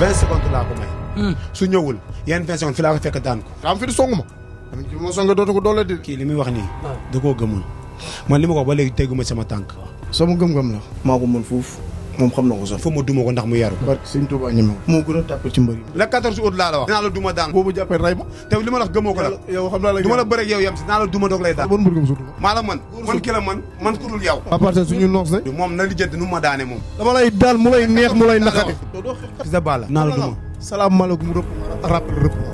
vingt secondes laa ko may. Hmm. su ñëwul yenn vingt secondes fi laa ko fekk daan ko. daa fi di song ma. tamit kii moo song dootu ko doole di. kii li wax nii. da koo man li ma ba léegi teguma sama tànk. sama gëm-gëm la. maa mën fuuf. moom xam na ko sax fa ma duma ko ndax mu yaru barke sëñ Tuubaa ñeme moo gën a tàpp ci mbëri la quatorze août laa la wax dinaa la duma daan boobu jàppee ray ma te li ma la gëmoo ko la yow xam naa la du la bëreeg yow yem si dinaa la duma doog lay daan na lijjanti ma daane mu lay neex mu lay naqati fi sa bala naa la duma salaamaaleykum rëpp rappel rëpp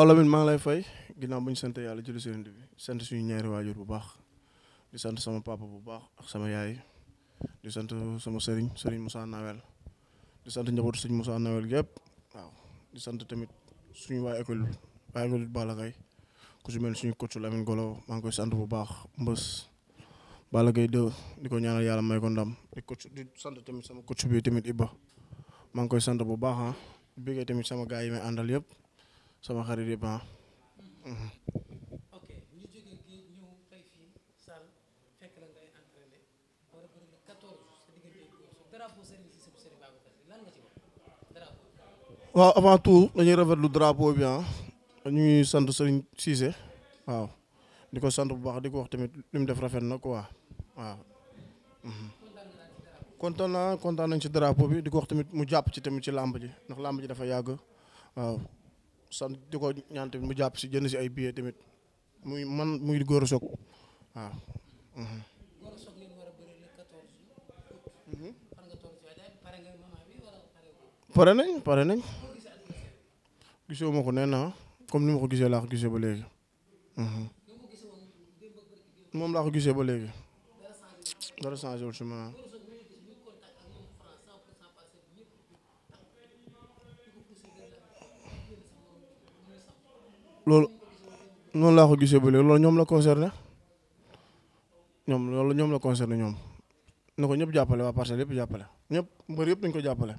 waaw Lamine maa ngi lay fay ginnaaw bu ñu sant yàlla jëli seen bi sant suñu ñaari waajur bu baax di sant sama papa bu baax ak sama yaay di sant sama sëriñ sëriñ Moussa Nawel di sant njabootu sëriñ Moussa Nawel gépp waaw di sant tamit suñu waa école waa école Balla Gaye ku si mel suñu coach Lamine Golo maa ngi koy sant bu baax mbës Balla Gaye 2 di ko ñaanal yàlla may ko ndam di coach di sant tamit sama coach bi tamit Iba maa ngi koy sant bu baax ah bégee tamit sama gaay yi may àndal yëpp sama xarit yi ah. ban waaw avant tout dañuy rafetlu drapeau bi ah dañuy sant Serigne Cissé waaw di ko sant bu baax di ko wax tamit li mu def rafet na quoi waaw kontaan naa kontaan nañ ci drapeau bi di ko wax tamit mu jàpp ci tamit ci làmb ji ndax làmb ji dafa yàgg waaw sant di ko ñaan tamit mu jàpp si jënd si ay billets tamit muy man muy góor soog waaw. Mhm. Mhm. pare nañ pare nañ. gisoo ma ko nee naa comme ni ma ko gisee laa ko gisee ba léegi. Mhm. moom laa ko gisee ba léegi. dara changé wul si loolu noonu laa ko gisee ba léegi loolu ñoom la concerné ñoom loolu ñoom la concerné ñoom na ko ñëpp jàppale waa parcelle yëpp jàppale ñëpp mbër yëpp nañu ko jàppale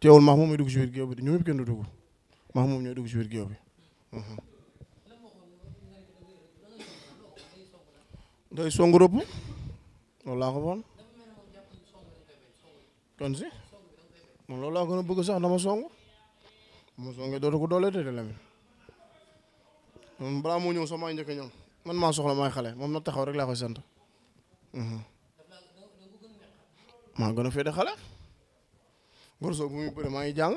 teewul maax moom mooy dugg si biir géew bi ñoom ñëpp kenn du dugg maax moom ñooy dugg si biir géew bi mhm. day song rëbb loolu laa ko bon kon si moom loolu laa gën a bëgg sax dama song dama songee dootu ko doolee te de lamin Mm, balaa moo ñëw sax maa njëkk ñoom man maa soxla maay xale moom na taxaw rek laa koy sant. Mm-hmm. maa gën a féete xale. Gor Sock bu muy bëre maa ngi jàng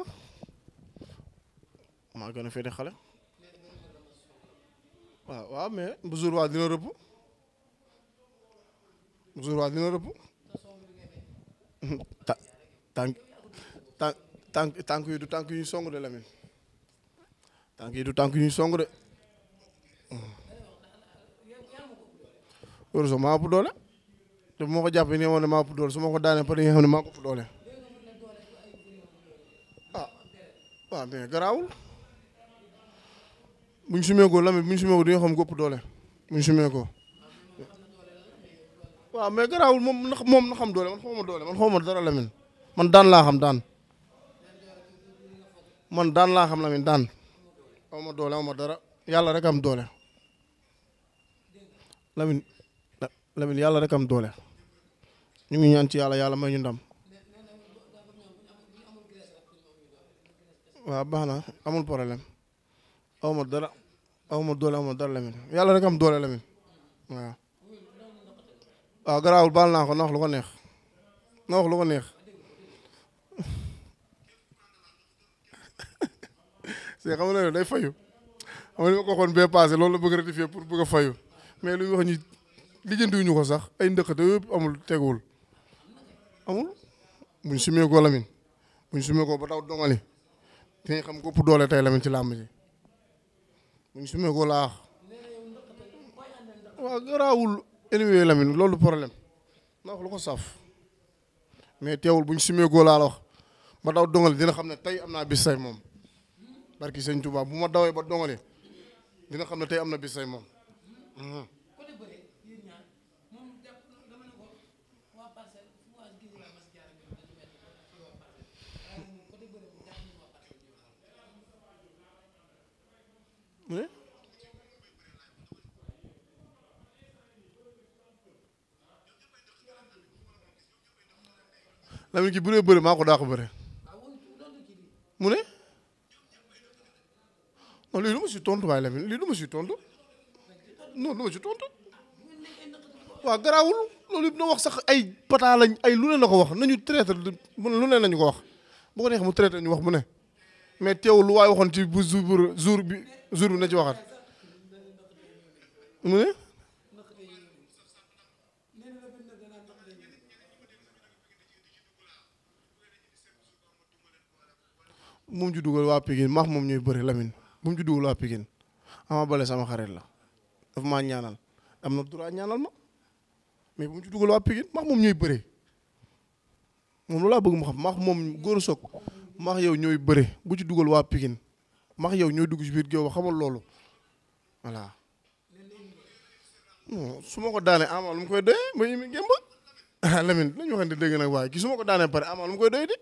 maa gën a féete xale. waaw waaw mais bu jour waa dina rëpp bu jour waa dina rëpp ta tànk tànk tànk yi du tànk yu ñu song de Lamine tànk yi du tànk yu ñu de. Roso maa ëpp bu ma ko jàppee ne woon ne maa ëpp doole ma ko daanee pare nga xam ne maa ko ëpp ah, waaw mais garaawul buñ sumee ko lamit buñ sumee ko di doole buñ sumee ko mais garaawul moom na xam doole man xawma doole man xawma dara lamin man daan laa xam daan man daan laa xam lamin daan awma doole xawma dara yàlla rek am doole lamin Lamine yàlla rek am doole ñu ngi ñaan ci yàlla yàlla may ñu ndam waaw baax na amul problème awma dara awma doole awma dara Lamine yàlla rek am doole Lamine waaw waaw garaawul baal naa ko na wax lu ko neex na wax lu ko neex si xam nga day fayu xam ma ko waxoon bee passé loolu bëgg ratifier pour bëgg a mais luy wax ñi lijjantiwuñu ko sax ay ndëkkate yëpp amul teguwul amul buñ sumee ko lamin buñ sumee ko ba daw dongali te xam ko ëpp doole tey lamin ci làmb ji buñ sumee ko laax lamin loolu problème na wax lu ko saf mais teewul buñ sumee ko laa la ba daw dongali dina xam ne tey am naa bis moom barki sëñ Tuubaa bu ma dawee ba dongali dina xam ne tey am na bis moom hmm. mu ne Lamine kii bu dee bëre maa ko daa bëre mu ne non lii du si tontu waaye Lamine lii du ma si tontu non du ma si tontu waaw garaawul loolu yëpp na wax sax ay pata lañ ay lu ne na ko wax nañu traité mën lu ne nañu ko wax boo ko neex mu a ñu wax mu ne mais teewul lu waay waxoon ci bu jour jour bi jour bi na ci waxat mu ne bu mu ci dugal waa Pikine maax moom ñuy bëri Lamine bu mu ci dugal waa Pikine Ama Baldé sama xarit la daf maa ñaanal am na droit ñaanal ma mais bu mu ci dugal waa Pikine maax moom ñooy bëri moom loolu laa bëgg mu xam maax moom góor soog max yow ñooy bëre bu ci dugal waa pikin max yow ñooy dugg ci biir géew xamal loolu voilà su ma ko daanee ama lu mu koy doyee ba ñu gëm ba ah Lamine nañu waxante nag waaye kii su ko daanee pare ama lu koy doy di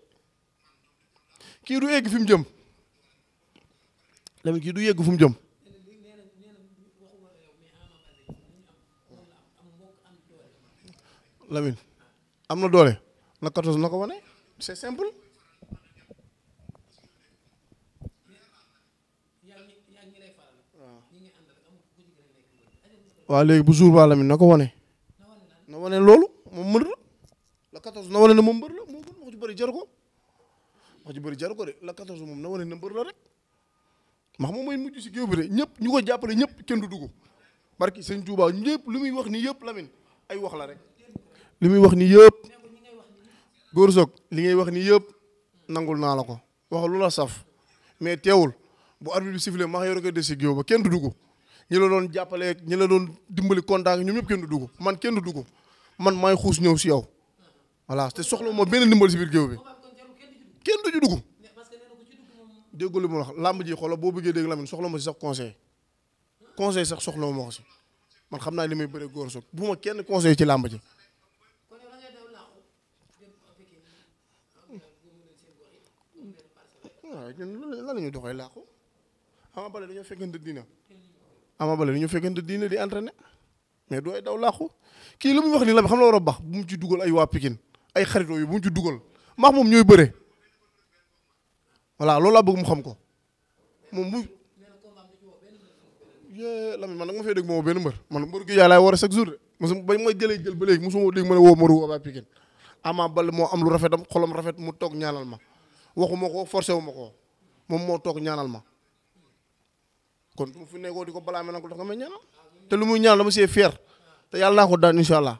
kii du egg fi mu jëm Lamine kii du yegg fu mu jëm. Lamine am na doole na 14 na ko wane c'est waa léegi bu jour ba la mi na ko wane. na wane loolu moom mën la. la na wane na moom mbër la moo gën wax ju bëri jar ko wax ju bëri jar ko de la 14 moom na wane na mbër la rek. max moom mooy mujj si géew bi de ñëpp ñu ko jàppale ñëpp kenn du dugg barki sëñ Touba ñëpp lu muy wax nii yëpp Lamine ay wax la rek. li muy wax nii yëpp góor soog li ngay wax nii yëpp nangul naa la ko wax loola la saf mais teewul boo arbitre bi sifflé max yore ko des si géew ba kenn du dugg. ñi la doon jàppale ñi la doon dimbali kontaan ñu ñëpp kenn du dugg man kenn du dugg man maay xuus ñëw si yow voilà te soxla moo benn dimbali si biir géew bi kenn du ci dugg déggu mu wax làmb ji xoolal boo bëggee dégg Lamine soxla ma si sax conseil conseil sax soxla ma ko man xam naa li may bëre góor soog bu ma kenn conseil ci làmb ji. ñuy doxee làqu xam nga bale Ama Baldé ñu fekkente diine di entraîné mais du daw laaxu kii lu muy wax nii la xam la war a baax bu mu ci dugal ay waa Pikine ay xaritoo yi bu mu ci dugal maax moom ñooy bëre voilà loolu bëgg mu xam ko moom bu yee Lamine man nag ma fay dégg moo benn mbër man mbër gi yàllaay war a chaque jour de ba ma jëlee jël ba léegi mosuma dégg ma woo Maru waa Pikine Ama Baldé moo am lu rafetam xolam rafet mu toog ñaanal ma waxuma ko forcé wu ma ko moom moo toog ñaanal ma kon mu fu nekkoo di ko balaa mel ko tax nga may te lu muy ñaan dama see fier te yàlla naa ko daan incha allah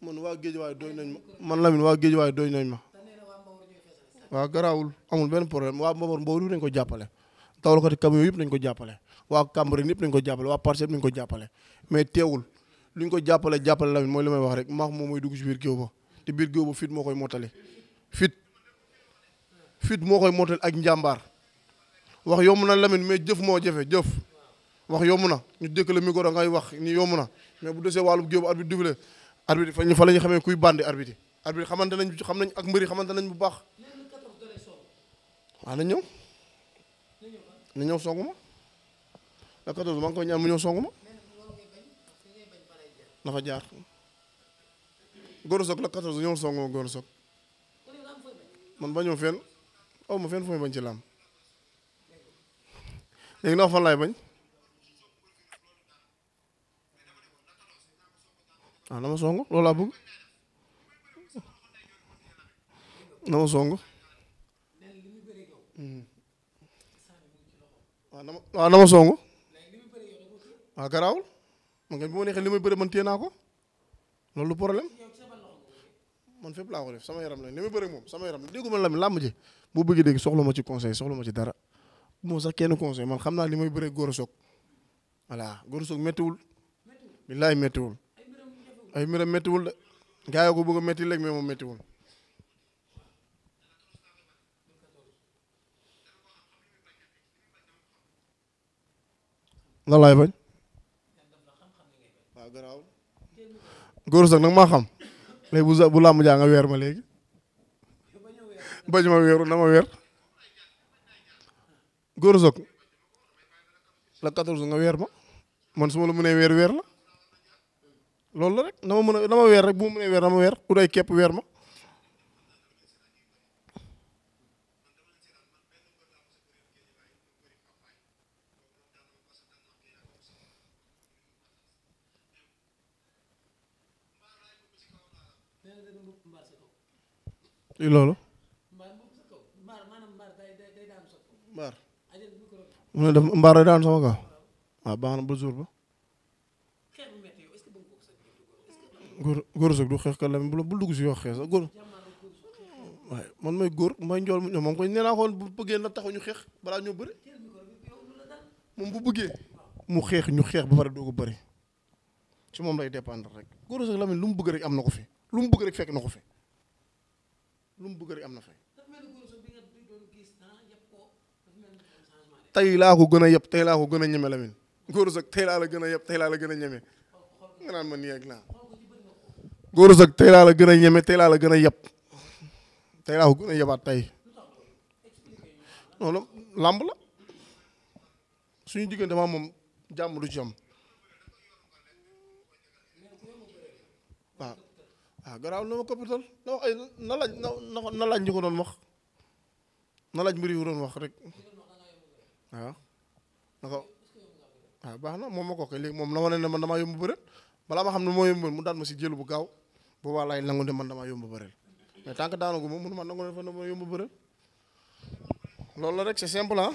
man waa géej waay doy nañ ma man Lamine waa géej waay doy nañ ma waaw garaawul amul benn problème waa Mbawar Mbour nañ ko jàppale dawalkati camion yëpp nañ ko jàppale waa Cambérène yëpp nañ ko jàppale waa Parcelles yëpp nañ ko jàppale mais teewul luñ ko jàppale jàppale Lamine mooy li may wax rek maax moom mooy dugg ci biir géew ba te biir géew ba fit moo koy mottali fit fit moo koy mottali ak njàmbaar wax yomb na Lamine mais jëf moo jafe jëf wax yomb na ñu dëkk la micro ngay wax ni yomb na mais bu desee wàllu géebu arbitre dufle arbitre fa ñu fa la ñu xamee kuy bandi arbitre arbitre xamante nañ xam nañ ak mbëri xamante nañ bu baax waaw na ñëw na ñëw songu la 14 maa koy ñaan mu ñëw songu ma na fa jaar Gora Sock la 14 ñëw songu ma Gora man bañoo fenn aw ma fenn fu bañ ci laam léegi noo fa lay bañ ah na ma song loolu laa bëgg na ma song waaw hmm. ah, na ma waaw ah, na ma song waaw ah, garaawul man kay bi ma neexee li may bëri man téye ko loolu lu problème man fépp laa ko def sama yaram lañ li may bëri moom sama yaram déggu ma la làmb ji boo bëggee dégg soxla ma ci conseil soxla ma ci dara moom sax kenn conseil man xam naa li may bëree góor soog voilà góor soog méttiwul. billaay méttiwul. ay mbiram méttiwul de gars yi ko a métti léegi mais moom méttiwul. lan bañ. waaw garaaw. nag maa xam. léegi bu bu jaa nga weer ma léegi. bañ weeru na ma weer. góor soog la 14 nga weer ma man su ma la mënee weer weer la loolu la rek na ma mën a na ma weer ut ay képp weer ma. loolu mu ne dafa mbaar daan sama kaw waaw baax na ba jour ba góor góor soog du xeex ka lam bu dugg si yoo xeex sax góor man may góor may njool mu ñoom moom koy nee naa bu bëggee na taxaw ñu xeex balaa ñoo bëri moom bu bëggee mu xeex ñu xeex ba pare doo ko bëri ci moom lay dépendre rek góor soog Lamine lu mu bëgg rek am na ko fi lu mu bëgg rek fekk na ko fi lu mu bëgg am na fi tey laa ko gën a yëpp tey laa ko gën a ñeme Lamine góor tey laa la gën a tey laa gën a ñeme nga naan ma nii ak naa góor tey laa la gën a ñeme tey laa la gën a yëpp tey laa ko gën a yëbaat tey non làmb la suñu diggante maa moom jàmm du ci am waaw garaaw na ma koppatal na laaj na ko doon wax na laaj mbir yu doon wax waaw na ko waaw baax na moom ma ko koy léegi moom na ma ne man damaa yomb bëre balaa ma xam ne moo yomb mu daan ma si jël bu gaaw boobaa laay nangu ne man damaa yomb bëre mais tant que daanagu ma mënu ma nangu ne fa dama yomb bëre loolu la rek c'est simple ah.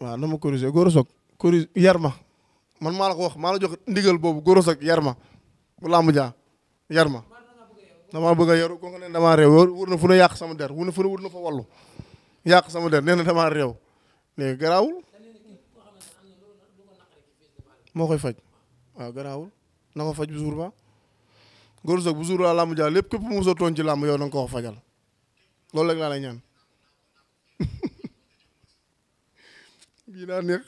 waaw na ma corrigé góor soog corrigé yar ma man maa la ko wax maa la jox ndigal boobu góor soog yar ma bu làmb jaa yar ma damaa bëgg a yaru ko nga ne damaa wër na fu ne yàq sama der wër na fu ne wër na fa wallu yàq sama der nee na damaa léegi garaawul moo koy faj waaw garaawul na ko faj bu jour ba góor bu jour ba làmb jaar lépp képp mu a tooñ ci làmb yow da nga ko fajal loolu rek laa lay ñaan bii daa neex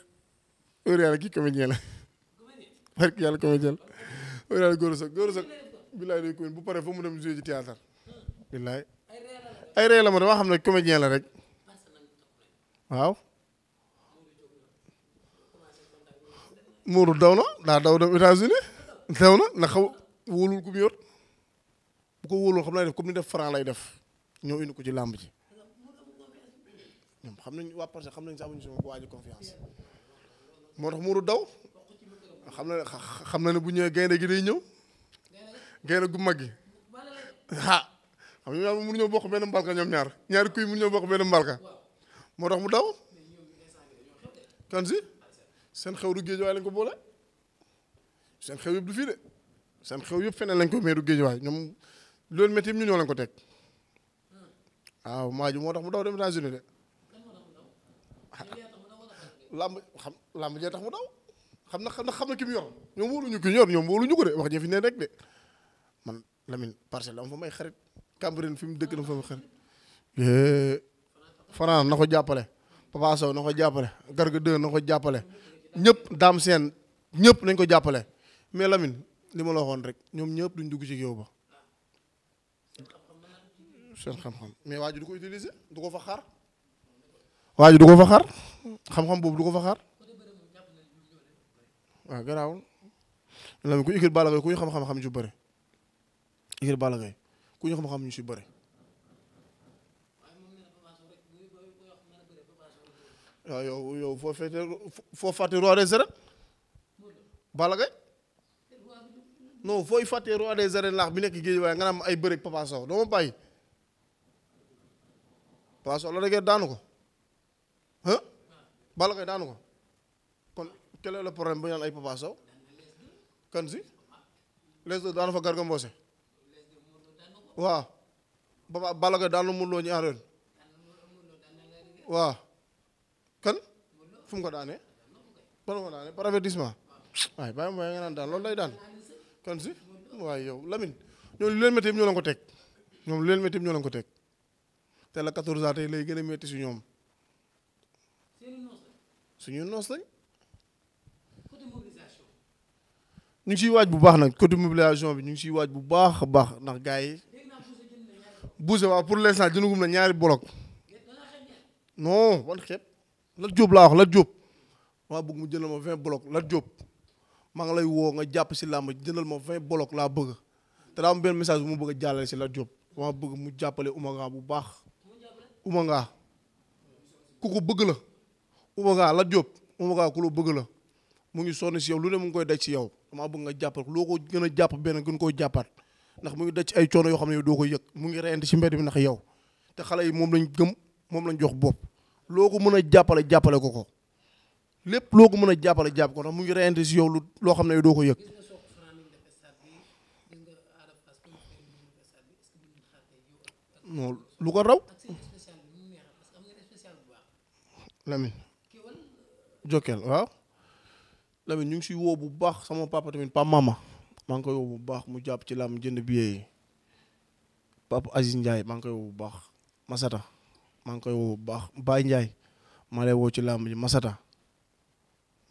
heure yàlla kii comédien la barki yàlla comédien la heure yàlla góor soog billaay day comédie bu pare fa mu dem jouer ci théâtre hmm. billaay ay ree ma dama xam ne comédien la rek waaw Mourou daw na daa daw dem États-Unis daw na ndax xaw wóolul ku mu yor bu ko wóolul xam naa def comme lay def ñëw indi ko ci làmb ci ñoom xam nañ waa xam nañ sax amuñu sama waa ji confiance moo tax daw xam na xam na ne bu ñëwee gaynde gi day ñëw gaynde gu mag gi ah xam nga ñoom mënuñoo bokk benn mbalka ñoom ñaar ñaari kuy mënuñoo bokk benn mbalka moo tax mu daw kan seen xew du géej waay lañ ko boole seen xew yëpp du fii de seen xew yëpp feneen lañ ko mais du géej waay ñoom loolu métti ñu ñoo lañ ko teg waaw maa ji moo tax mu daw dem états xam làmb jee tax mu daw na xam na xam na ki mu yor ñoom wóoluñu ki ñu ko de wax jee fi ne rek de Lamine parcelle am fa may xarit Cambérène fi mu dëkk na fa may xarit. Eh, Faran na ko jàppale Papa Sow na ko jàppale Garga 2 na ko jàppale ñëpp Dame seen ñëpp nañ ko jàppale mais Lamine li ma la rek ñoom ñëpp duñ dugg ci géew ba. seen xam-xam mais waa du ko utiliser du ko fa xaar waa du ko fa xaar xam-xam boobu du ko fa xaar waaw garaawul Lamine ku yëkkati Balla Gaye kuy xam-xam xam ju bëri. ngir Balla Gaye ku ñu xam-xam ñu si bëri. waaw yow yow foo fete foo fàtte roi des arènes Balla Gaye non fooy fàtte roi des arènes laax bi nekk géej waaye nga naan ay bëri Papa Sow doo ma bàyyi Papa la da daanu ko ah Balla Gaye daanu ko kon quel est problème bu ñu ay Papa Sow kan daanu fa garga waaw ba Balla Gaye daan na Modou Lo ñaar yoon waaw kan fu ko daanee bala ko daanee par avertissement waaye bàyyi ma nga naan daan loolu lay daan kan si waaye yow Lamine ñoom lu leen métti ñoo leen ko teg ñoom lu leen métti ñoo leen ko teg te la 14 ans lay gën a métti si ñoom suñu noos lañ ñu ngi waaj bu baax nag côté mobilisation bi ñu ngi ciy waaj bu baax a baax ndax gaa yi Boucher waaw pour l'instant jëndagum na ñaari bolok non wan xeeb Lat Diop laa wax Lat Diop maa bëgg mu jëndal ma 20 bolok Lat Diop maa ngi lay woo nga jàpp si làmb jëndal ma 20 bolok laa bëgg te daa am benn message mu bëgg a jàllale si Lat Diop maa bëgg mu jàppale Oumanga bu baax Oumanga ku ko bëgg la Oumanga Lat Diop Oumanga ku la bëgg la mu ngi sonn si yow lu ne mu ngi koy daj si yow maa bëgg nga jàppal loo ko gën a jàpp benn gën koo jàppaat ndax mu ngi daj ay coono yoo xam ne doo ko yëg mu ngi reyante ci mbedd bi ndax yow te xale yi moom lañ gëm moom lañ jox bopp loo ko mën a jàppale jàppale ko ko lépp loo ko mën a jàppale jàpp ko ndax mu ngi reyante ci lu loo xam ne doo ko yëg. ko raw. Lamine Jokkel waaw Lamine ñu ngi siy woo bu baax sama papa tamit pa mama maa ngi koy woo bu baax mu jàpp ci làmb jënd billet yi Papa Aziz Ndiaye maa ngi koy woo bu baax Masata maa ngi koy woo bu baax Baye Ndiaye maa lay woo ci làmb ji Masata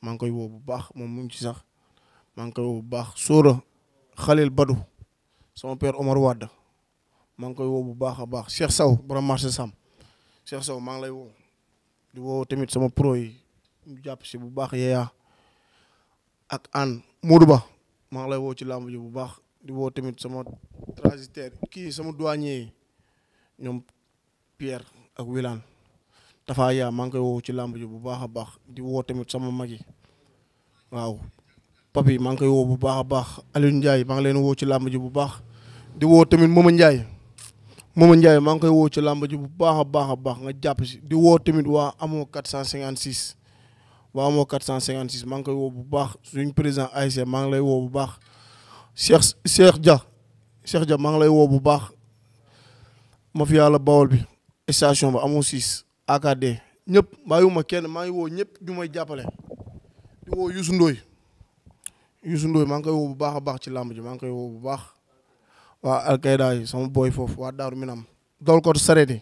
maa ngi koy woo bu baax moom mu ngi ci sax maa ngi koy woo bu baax soora Khalil badu sama père Omar Wade maa ngi koy woo bu baax a baax Cheikh saw borom marché Sam Cheikh Sow maa ngi lay woo di woo tamit sama pro yi jàpp si bu baax yeeyaa ak an Modou maa ngi lay woo ci làmb bu baax di woo tamit sama transitaire kii sama douanier yi ñoom Pierre ak Wilane Tafa yaa maa ngi koy woo ci làmb bu baax a baax di woo tamit sama mag yi waaw papi maa ngi koy woo bu baax a baax Aliou Ndiaye maa ngi leen woo ci làmb bu baax di woo tamit Mouma Ndiaye Mouma Ndiaye maa ngi koy ci làmb bu baax a baax a baax nga jàpp di woo tamit waa amoo 456 waa moo 456 maa ngi koy woo bu baax suñ président ASC maa ngi lay woo bu baax Cheikh Cheikh Dia Cheikh Dia maa ngi lay woo bu baax ma fi yàlla bawol bi station ba amoo siis AKD ñëpp bàyyiwuma kenn maa ngi woo ñëpp ñu may jàppale di woo Youssou maa ngi bu baax a baax ci làmb ji maa ngi koy woo bu baax waa Alkayda yi sama booy foofu waa Daaru Minam dol ko sareet yi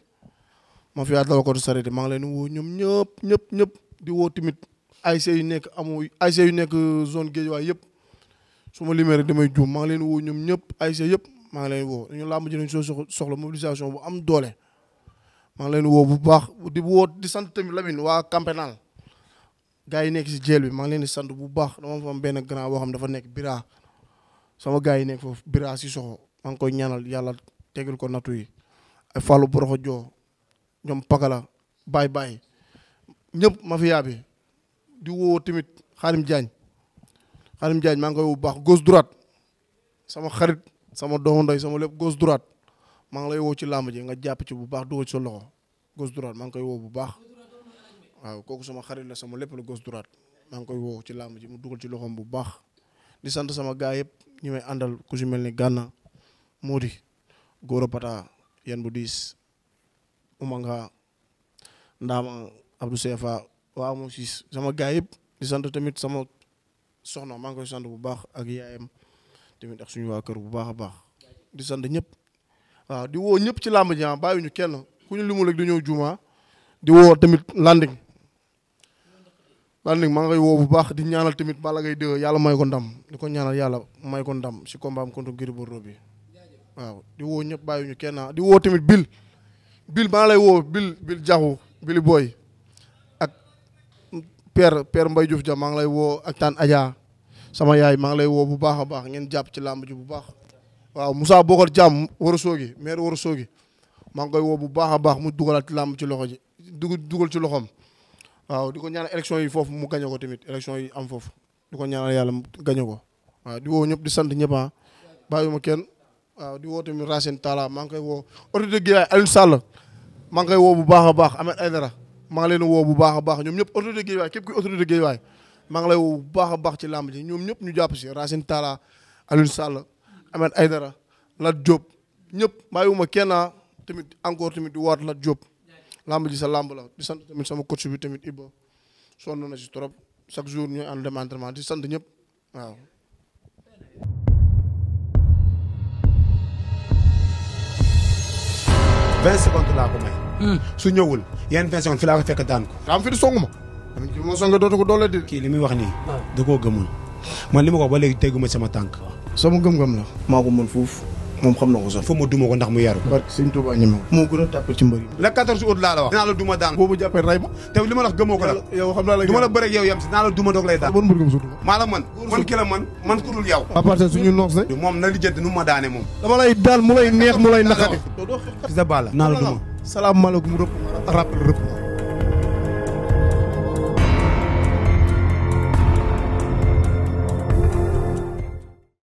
ma fi yaa dol ko sareet yi ñëpp ñëpp ñëpp di woo tamit ASC yu nekk amoo ASC yu nekk zone Guédiawaye yëpp su ma limee rek damay juum maa leen woo ñoom ñëpp ASC yëpp maa ngi leen woo dañu làmb ji nañ soo soxla mobilisation bu am doole maa ngi leen woo bu baax di woo di sant tamit Lamine waa campénal gars yi nekk si jeel bi maa ngi leen di sant bu baax dama fa am benn grand boo xam dafa nekk biraa sama gars yi nekk foofu Bira si soxo maa koy ñaanal yàlla tegal ko nattu yi ay Fallou Boroxo Joo ñoom Pagala baay Baye ñëpp mafia bi di woo tamit xaalim Diagne xaalim jaañ maa ngi koy bu baax gauche droite sama xarit sama doomu ndey sama lépp gauche droite maa ngi lay woo ci làmb ji nga jàpp ci bu baax dugal ci sa loxo gauche droite maa ngi koy woo bu baax waaw kooku sama xarit la sama lépp la gauche droite maa ngi koy woo ci làmb ji mu dugal ci loxoom bu baax di sant sama gaa yëpp ñu may àndal ku si mel ni Gànna moo di Gora Pata yan bu diis Umanga Ndaama Abdou Sefa waaw moom siis sama gaay yëpp di sant tamit sama soxna maa ngi koy sant bu baax ak yaayam tamit ak suñu waa kër bu baax a baax di sant ñëpp waaw di woo ñëpp ci làmb ji ah bàyyiwuñu kenn ku ñu limul juuma ah. di woo tamit Landing Landing maa ngi koy woo bu baax di ñaanal tamit Balla Gaye 2 yàlla may ko di ko ñaanal yàlla may am contre Gris waaw di woo ñëpp bàyyiwuñu kenn ah. di woo tamit Bill Bill maa lay woo Bill Bill Diakhou Billy Boy père père Mbaye Diouf ja maa ngi lay woo ak taan Adja sama yaay maa ngi lay woo bu baax a baax ngeen jàpp ci làmb ji bu baax waaw Moussa Bokar Thiam war a soogi maire war a soogi maa ngi koy woo bu baax a baax mu dugalaat ci làmb ci loxo ji dugg dugal ci loxoom waaw di ko ñaanal élection yi foofu mu gañe ko tamit élection yi am foofu di ko ñaanal yàlla mu gañe ko waaw di woo ñëpp di sant ñëpp ah bàyyiwuma kenn waaw di woo tamit Racine Talla maa ngi koy woo autorité gi Aliou Sall maa woo bu baax a baax Ahmed Aïdara maa ngi woo bu baax a baax ñoom ñëpp autorité Guédiawaye képp kuy autorité Guédiawaye maa ngi lay woo bu baax a baax ci làmb ji ñoom ñëpp ñu jàpp si Racine Talla Alioune Sall Ahmed Aydara Lat Diop ñëpp wuma kenn ah tamit encore tamit di waat Lat Diop làmb ji sa làmb di sant tamit sama coach bi tamit Iba sonn na si trop chaque jour ñu ànd dem entraînement di sant ñëpp waaw Hmm. su ñëwul yenn vingt fi laa fekk daan ko. fi di songu ma. dama ci ma songa dootu ko doole di. kii li muy wax nii. Ah. da koo gëmul. man li ma ko wax ba léegi teguma sama tànk. sama gëm-gëm la. maa ko fuuf. moom xam na ko sax fa ma duma ko ndax mu yaru barke sëñ Tuubaa ñeme moo gën a tàpp ci mbër yi la 14 août laa la wax dinaa la duma daan boo ma jàppee ray ma te li ma la gëmoo ko nag yow xam naa la du la bëre ak yam si dinaa la duma doog lay daan bon mbër gëm surtout maa la man man ki la man man ku dul yow à partir suñu moom na lijjanti nu ma daane moom dama lay daan mu lay neex mu lay naqari Fils de Balla naa la duma